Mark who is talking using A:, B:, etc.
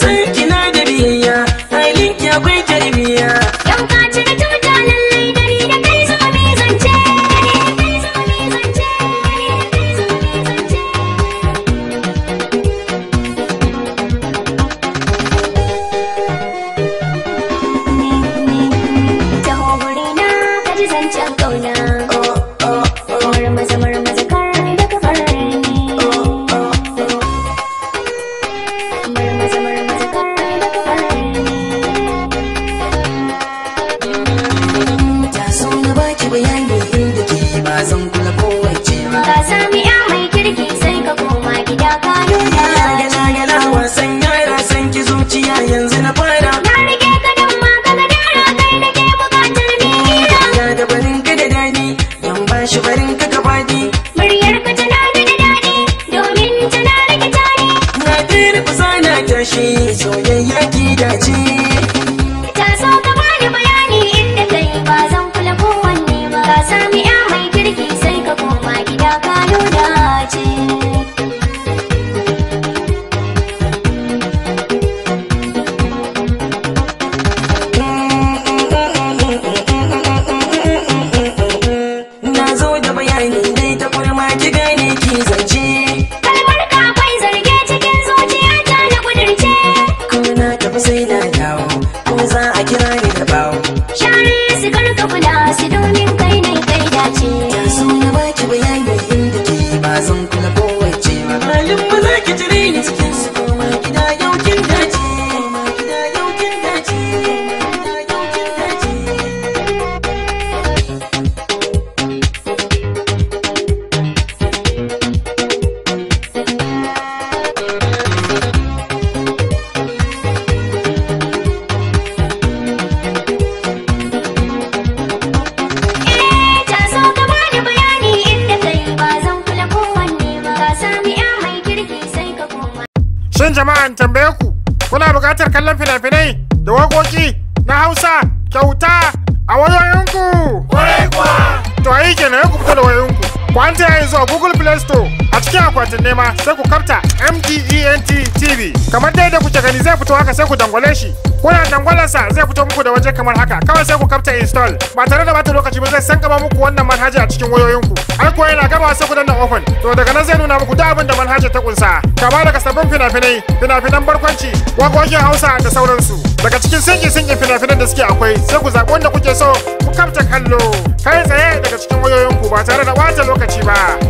A: san kina da biyayya halin akwai tarbiyya yan bayani inda ke ba zan kula kowace ba ka sami ya mai kirki sai ka koma gida ka nuna gana gana wasan yara san ki zuciya yanzu na fara na rike ka dan ma kai da ke bukatar bina ya da barin ka da dadi yan ba shi barin ka ka badi muryar ka tana da dadi domin tana da kitari na tare fasana tashi soyayya ki dace Cause I'm
B: Shin in tambaye ku kuna buƙatar kallon fina-finai da waƙoƙi na Hausa kyauta a wayoyinku? Kwarai kuwa! To ayi kenan ku fito da wayoyinku. Ku an yanzu a Google Play Store a cikin akwatin nema sai ku karta mdent tv kamar dai da kuke gani zai fito haka sai ku dangwale shi kuna dangwalarsa zai fito muku da waje kamar haka kawai sai ku karta install ba tare da bata lokaci ba zai san gaba muku wannan manhaja a cikin wayoyinku har ko yana gaba sai ku danna open to daga nan zai nuna muku duk abin da manhaja ta kunsa kama daga sabbin fina-finai barkwanci waƙoƙin hausa da sauransu daga cikin singi-singin fina-finan da suke akwai sai ku zaɓi wanda kuke so ku kamta kallo kai tsaye daga cikin wayoyinku ba tare da bata lokaci ba